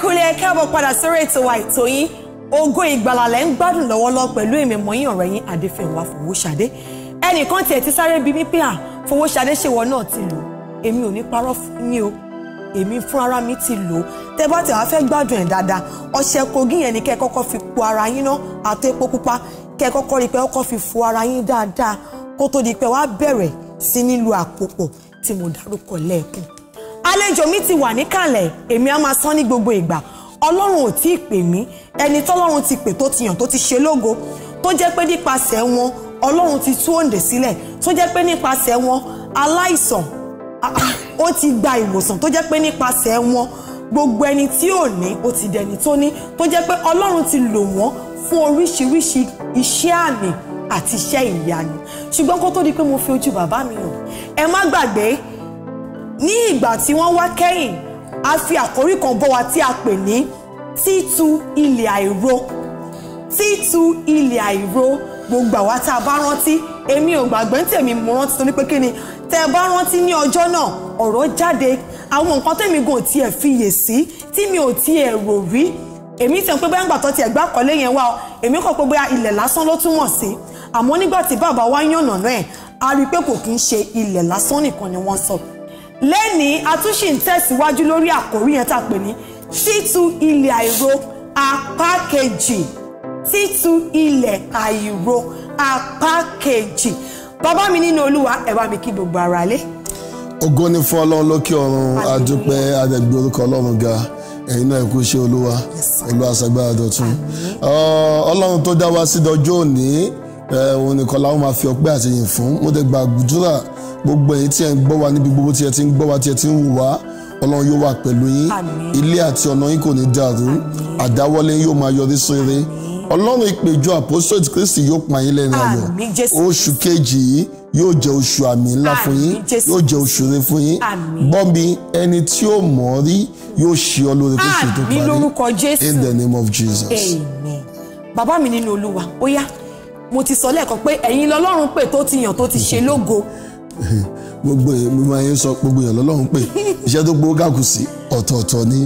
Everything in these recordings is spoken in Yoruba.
kúlé ẹ káàbọ̀ padà sórí ètò wa ètò yín ògo ìgbàlà lẹ́ ń gbádùn lọ́wọ́lọ́wọ́ pẹ̀lú èmi mọ́yìn ọ̀rẹ́ yín adéfẹ̀wá fowóṣadé ẹnìkan tiẹ̀ ti sáré bí mi pé à fowóṣadé ṣèwọ náà ti lò èmi ò ní parọ́ fún yín o èmi fún ara mi ti lò ó tẹ fẹ́ gbádùn ẹ̀ dáadáa ọṣẹ kogi yẹn ni kẹ́ kọ́kọ́ fi po ara yín náà àti epo pupa kẹ́ kọ́kọ́ rí pé kọ́kọ́ fi fọ ara yín dáadáa kó tó di pé wàá bẹ̀rẹ̀ sí nílò àpòpọ̀ tí mo dárúkọ lẹ́ẹ̀kan àlejò mi ti wà níkàlẹ̀ èmi á máa san ní gbogbo ìgbà ọlọ́run ò tí ì pè mí ẹni tọ́lọ́run ti pè tó ti yàn tó ti ṣe lógo tó jẹ́ pé nípasẹ̀ wọn ọlọ́run ti tú òǹdè sílẹ̀ tó jẹ́ pé nípasẹ̀ wọn aláìsàn ó ti gba ìwòsàn tó jẹ́ pé nípasẹ̀ wọn gbogbo ẹni tí ò ní ó ti dẹni tó ní tó jẹ́ pé ọlọ́run ti lò wọ́n fún oríṣiríṣi iṣẹ́ àmì àti iṣẹ́ ìyanu ṣùgbọ́n kó tó di pé mo fi ojú bàbá mi hàn ẹ má gbàgbé ní ìgbà tí wọ́n wá kẹ́yìn a fi àkórí kan bọ́ wa tí a pè ní títu ilẹ̀ àìro títu ilẹ̀ àìro gbogbo àwa tá a bá rántí èmi ò gbàgbé ń tèmi mo rántí torí pé kí ni tẹ bá rántí ní ọjọ́ náà ọ̀rọ̀ jáde àwọn nǹkan tèmi gan tiẹ̀ fiyè sí tí mi ò tiẹ̀ rò rí èmi tẹ̀ ń pé báyìí gbàtọ́ tiẹ̀ gbá kọ́lé yẹn wá ọ èmi kò pé bóyá ilẹ̀ lásán ló túmọ̀ sí àmọ́ nígbà tí bàbá wa yànnàná ẹ̀ a rí i pé kò kí ń ṣe ilẹ̀ lásán nìkan ni wọ́n sọ lẹ́nìí atúnṣì ń tẹ̀síwájú lórí àkórí yẹn tá a pè ní ṣítu ilẹ̀ àìro apá kejì títu ilẹ̀ àìro apá kejì bàbá mi nínú olúwa ẹ bá mi kí gbogbo ara lé. ògo ni fún ọlọ́run lókè ọ̀run adúpẹ́ adẹ̀gbẹ́ orúkọ ọlọ́run ga ẹ̀yin náà kú iṣẹ́ olúwa olúwa ṣàgbára dọ̀tun ọlọ́run tó dá wa sí dọjọ́ òní òun nìkan làwọn máa fi ọpẹ́ àtìyìn fún mo dẹ̀ gbogbo ẹ̀yin tí ẹ ń gbọ́ wa níbi gbogbo tí ẹ ti ń gbọ́ wa tí ẹ ti ń wù wá ọlọ́run yóò wà pẹ̀lú yín ilé àti ọ̀nà yín kò ní dàrú àdáwọ́lé yóò máa yọrí sóore ọlọ́run ìpèjọ àpòsítélì kristi yóò pa yín lẹ́nu ayọ̀ oṣù kejì yìí yóò jẹ́ oṣù àmì ńlá fún yín yóò jẹ́ oṣù rẹ fún yín gbọ́nbi ẹni tí ó mọ̀ ọ́ rí yóò ṣe ọ lórí kó ṣètò parí in the name of jesus. amen bàbá mi nínú olúwa ó yá mo ti sọ lẹ́ẹ̀kan pé ẹ̀yin lọ́lọ́run pè tó ti yàn tó ti ṣe lógo gbogbo ìgbìmọ̀ ayé ń sọ gbogbo èèyàn lọ́lọ́run pé iṣẹ́ tó gbowó kàkù sí ọ̀tọ̀ọ̀tọ̀ ni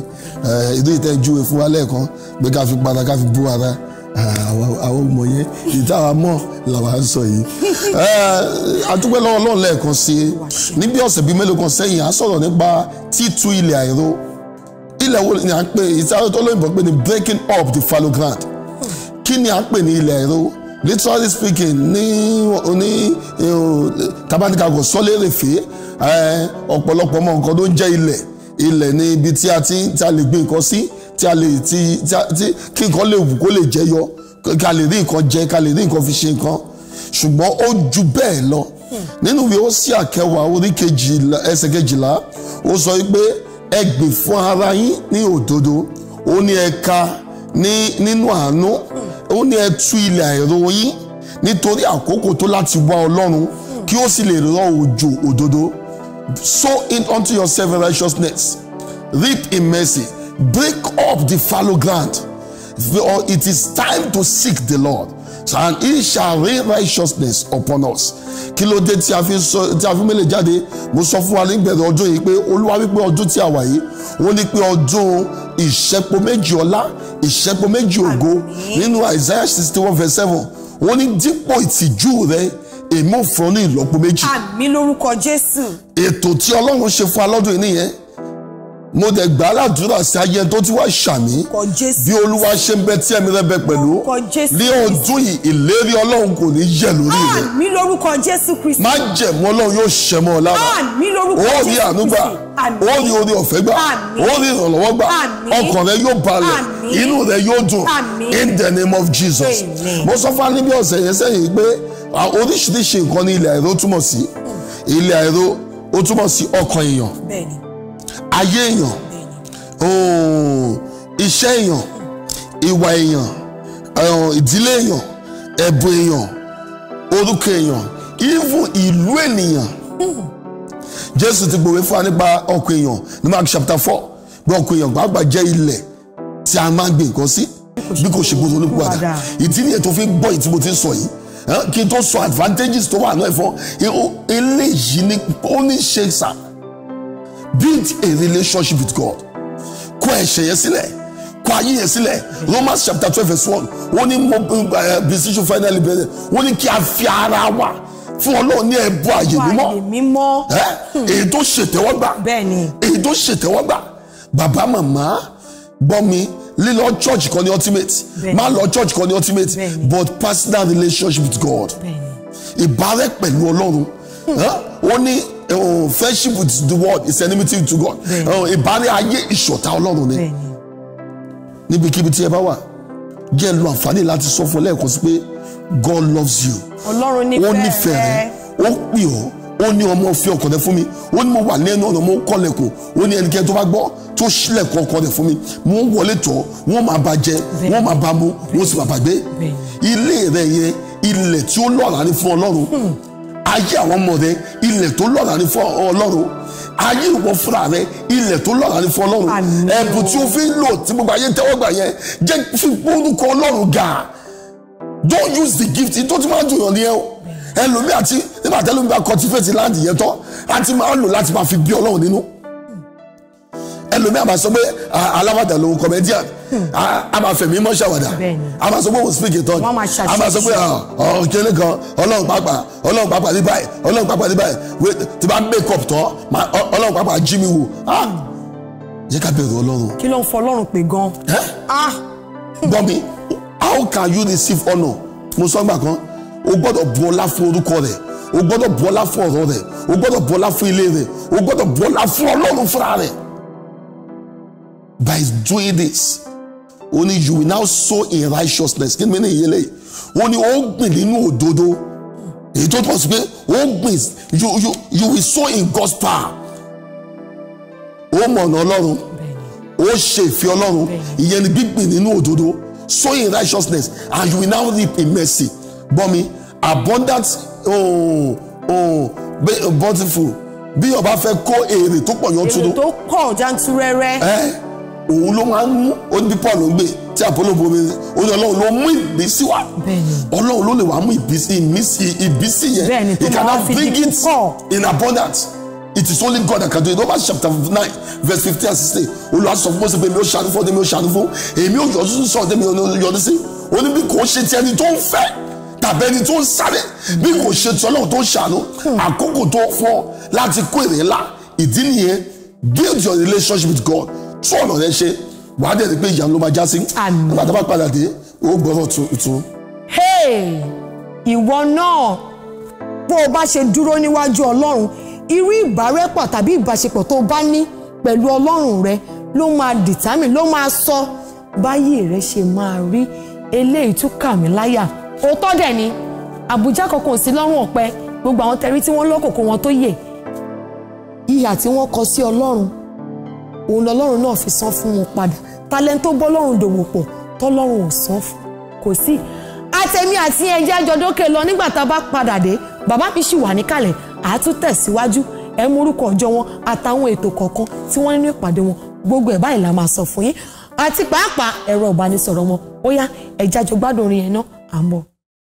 ìdó ìtẹ́jú fún wa lẹ́ẹ̀kan pé ká fi padà ká fi bú ara àwọn ọmọ yẹn ìtawà mọ́ làwa ń sọ yìí àdúpẹ́ lọ́wọ́ Ọlọ́run lẹ́ẹ̀kan sí i níbi ọ̀sẹ̀ bíi mélòó kan sẹ́yìn à ń sọ̀rọ̀ nípa títú ilẹ̀ àìró ilẹ̀ wo ni à ń pè ìtawà tó lóyìnbó pé ni breaking up the fallow ground kí ni à ń pè ní ilẹ̀ àìró literally speaking ní ní eh, tabanika kò sọ́lé rèfé ọ̀pọ̀lọpọ̀ mọ nǹkan tó ń jẹ́ ilẹ̀ ilẹ̀ ní ibi tí a ti tí a lè gbé nǹkan sí tí a lè ti tí kí nǹkan lè wù kó lè jẹyọ ká lè rí nǹkan jẹ ká lè rí nǹkan fi ṣe nǹkan ṣùgbọ́n ó ju bẹ́ẹ̀ lọ nínú ìwé Hósíà kẹwàá orí kejìlá ẹsẹ̀ kejìlá ó sọ pé ẹ gbìn fún ara yín ní òdodo ó ní ẹ ká nínú àánú ó ní ẹ tú ilẹ̀ àìró yín nítorí àkókò tó láti wá ọlọ́run kí ó sì lè rọ òjò òdodo sow in unto yourself in righteousness reap in mercy break up the fallow ground for it is time to seek the Lord and he shall rain righteousness upon us kí ló dé tí a fi sọ tí a fi mélè jáde mo sọ fún wa nígbẹ̀rẹ̀ ọdún yìí pé olúwa wípé ọdún tí a wà yìí wọ́n ní pé ọdún ìṣẹ́po méjì ọlá ìṣẹ́po méjì ògo nínú Isaiah sixty one verse seven wọ́n ní dípò ìtìjú rẹ èmi ò fún ọ ní ìlọ́po méjì. àmì lórúkọ Jésù. ètò tí Ọlọ́run ṣe fún alọ́dún yìí nìyẹn mo dẹ̀ gbà á ládùúrà sí ayé tó ti wá ṣàmì bí olúwa ṣe ń bẹ tí ẹ̀mí rẹ bẹ pẹ̀lú ní ọdún yìí ìlérí ọlọ́run kò ní yẹ̀ lórí rẹ. àmì lórúkọ jésù kristi. má jẹ̀mú ọlọ́run yóò ṣẹ mọ́ ọ lára. àmì lórúkọ jésù kristi. ó rí àánú gbà ó rí orí ọ̀fẹ́ gbà ó rí ìrànlọ́wọ́ gbà ọkàn rẹ yóò balẹ̀ inú rẹ yóò dùn in the name of jesus. mo sọ fún alẹ́ bí ọ̀sẹ̀ yẹn sẹ́yìn pé oríṣiríṣi nǹkan ní ilẹ̀ àìró túmọ̀ sí ilẹ̀ àìró ó túmọ̀ sí ọkàn èèyàn. bẹ́ẹ̀ni ayé èèyàn iṣẹ́ èèyàn ìwà èèyàn ìdílé èèyàn ẹ̀bùn èèyàn orúkọ èèyàn even ìlú ènìyàn Jésù ti gbòwe fún wa nípa ọkọ èèyàn ní Mark chapter four bí ọkọ èèyàn gbàgbà jẹ́ ilẹ̀ tí a máa ń gbé nǹkan sí bí kò ṣe gbogbo olùkúpadà ìdí nìyẹn tó fi gbọ́ ìtí mo ti sọ yìí kí n tó sọ advantages tó wà náà fún eléyìí ni ó ní ṣe sàn build a relationship with God kọ ẹ̀ṣẹ̀ yẹn sílẹ̀ kọ ayé yẹn sílẹ̀ Romans chapter twelve verse one wọ́n ní mo precision eh, finally bẹ̀rẹ̀ wọ́n ní kí a fi ara wa fún Ọlọ́run ní ẹ̀bùn àyè mímọ́ eh? èyí tó ṣètẹ́wọ́gbà èyí tó ṣètẹ́wọ́gbà bàbá màmá gbọ́ mi lílọ church kan ní ultimate má lọ church kan ní ultimate but personal relationship with God ìbárẹ́ pẹ̀lú Ọlọ́run hmm. eh? ó ní uh, friendship with the world is enmity to God oh, ìbárẹ́ ayé ìṣọ̀tá ọlọ́run ni níbikíbi tí ẹ bá wà jẹ́ lu àǹfààní láti sọ fún ọ lẹ́ẹ̀kan sí pé God loves you ọlọ́run nífẹ̀ẹ́ rẹ ó nífẹ̀ẹ́ rẹ ó pè ọ́ ó ní ọmọ fi ọkàn rẹ fún mi ó ní mo wà lẹ́nu ọ̀nà mo kọ́lẹ̀kùn ó ní ẹnikẹ́ni tó bá gbọ́ tó ṣílẹ̀kùn ọkàn rẹ fún mi mo ń wọlé tọ̀ wọ́n máa bá jẹ wọ́n máa bá mu wọ́n sì máa bá ilé rẹ yẹn ilẹ̀ tí ó lọ́ọ̀rá ní fún ọlọ́run hmm ayé àwọn ọmọ rẹ ilẹ̀ tó lọ́ra ní fún ọlọ́run ayé ìwọ fúnra rẹ ilẹ̀ tó lọ́ra ní fún ọlọ́run ẹ̀bùn tí o fi ń lò tí gbogbo ayé ń tẹ́wọ́ gbà yẹn jẹ́ fi orúkọ ọlọ́run ga don't use the gift tó ti máa dùn yàn ní ẹ o ẹlòmíì àti nígbà tẹ́lómi bá cultivate land yẹn tán àti máa lò láti máa fi bí ọlọ́run nínú ẹlòmíà máa sọ pé aláwàdà lòun comedian a máa fẹ̀mí mọ́ ṣàwàdà a máa sọ pé òun speak in tongue a máa sọ pé ọ̀kẹ́lẹ́ kan ọlọ́run pàápà ọlọ́run pàápà ní báyìí ọlọ́run pàápà ní báyìí tí bá make up tán ọlọ́run pàápà jí mi wò jẹ́ ká bẹ̀rù ọlọ́run. kí ló ń fọ ọlọ́run pè gan. gbọ́ mi how can you receive honour mo sọ gbà kan o gbọ́dọ̀ bu ọlá fún orúkọ rẹ̀ o gbọ́dọ̀ bu ọlá fún ọ̀rọ̀ rẹ̀ o gbọ́dọ̀ bu ọlá fún ilé rẹ̀ o gbọ́dọ̀ bu ọlá fún ọlọ́run fúnra rẹ̀ by doing this only you will now sow in righteousness kí ni mi ní ìyẹlẹ yìí ó ní ó gbìn nínú òdodo èyí tó pọ̀ sí pé ó gbìn you you you will sow in God's power ó mọ̀nà ọlọ́run ó ṣe ìfẹ́ ọlọ́run ìyẹn ni gbígbìn nínú òdodo sow in righteousness and you will now reap in mercy bọ́mi abundant oh, oh, bountiful bí o bá fẹ́ kó èrè tó pọ̀ yanturu èrè tó pọ̀ janturẹrẹ. Eh? òun ló máa ń mú ó ní bí Paul ń gbé tí Apollo bomi ó ní ọlọ́run ló mú ìbísí wá ọlọ́run ló lè wá mú ìbísí ìbísí yẹn he cannot bring it in abundance it is only God that can do it Romans chapter nine verse fifteen and sixteen Olúwa sọ fún Mósè pé èmi ò ṣàánú fún èmi ò ṣàánú fún èmi ò yọjú sí sọ̀rọ̀ tẹ́mi yọjú sí ó ní bí kò ṣe ti ẹni tó ń fẹ́ tàbí ẹni tó ń sáré bí kò ṣe ti ọlọ́run tó ń ṣàánú àkókò tó fọ́ láti kó èrè ńlá ìdí nìyẹn build your relationship with God fọ́ọ̀nù rẹ ṣe wàá dẹ̀ rí pé ìyanu ló máa já sí nígbà tó bá padà dé ó gbọ́rọ̀ tuntun. ìwọ náà bó o bá ṣe dúró níwájú ọlọ́run irú ìbárẹ́pọ̀ tàbí ìbáṣepọ̀ tó o bá ní pẹ̀lú ọlọ́run rẹ ló máa dìtámì ló máa sọ báyìí rẹ ṣe máa rí eléyìí tún kà mí láyà òótọ́ dẹ̀ ni àbújá kankan sí lọ́rùn ọ̀pẹ gbogbo àwọn tẹrí tí wọ́n lọ́kòkò wọn tó yè ìyà tí wọ́n kọ sí ọlọ́run òun lọ́lọ́run náà fi san fún wọn padà talent tó bọ́lọ́run dòwò pọ̀ tọ́lọ́run ò san fún kò sí àtẹ̀mí àti ẹ̀jẹ̀ àjọ̀dókè lọ nígbà tá a bá padà dé bàbá mi sì wà níkàlẹ̀ àátún tẹ̀síwájú ẹ mú orúkọ ọjọ́ wọn àtàwọn ètò kọ̀ọ̀kan tí wọ́n nínú ìpàdé wọn gbogbo ẹ̀ báyìí la máa sọ fún yín àti pàápàá ẹ̀rọ ìbánisọ̀rọ̀ wọn ó yá ẹ̀jẹ̀ àjọgbádùn orin yẹn náà à ń bọ̀.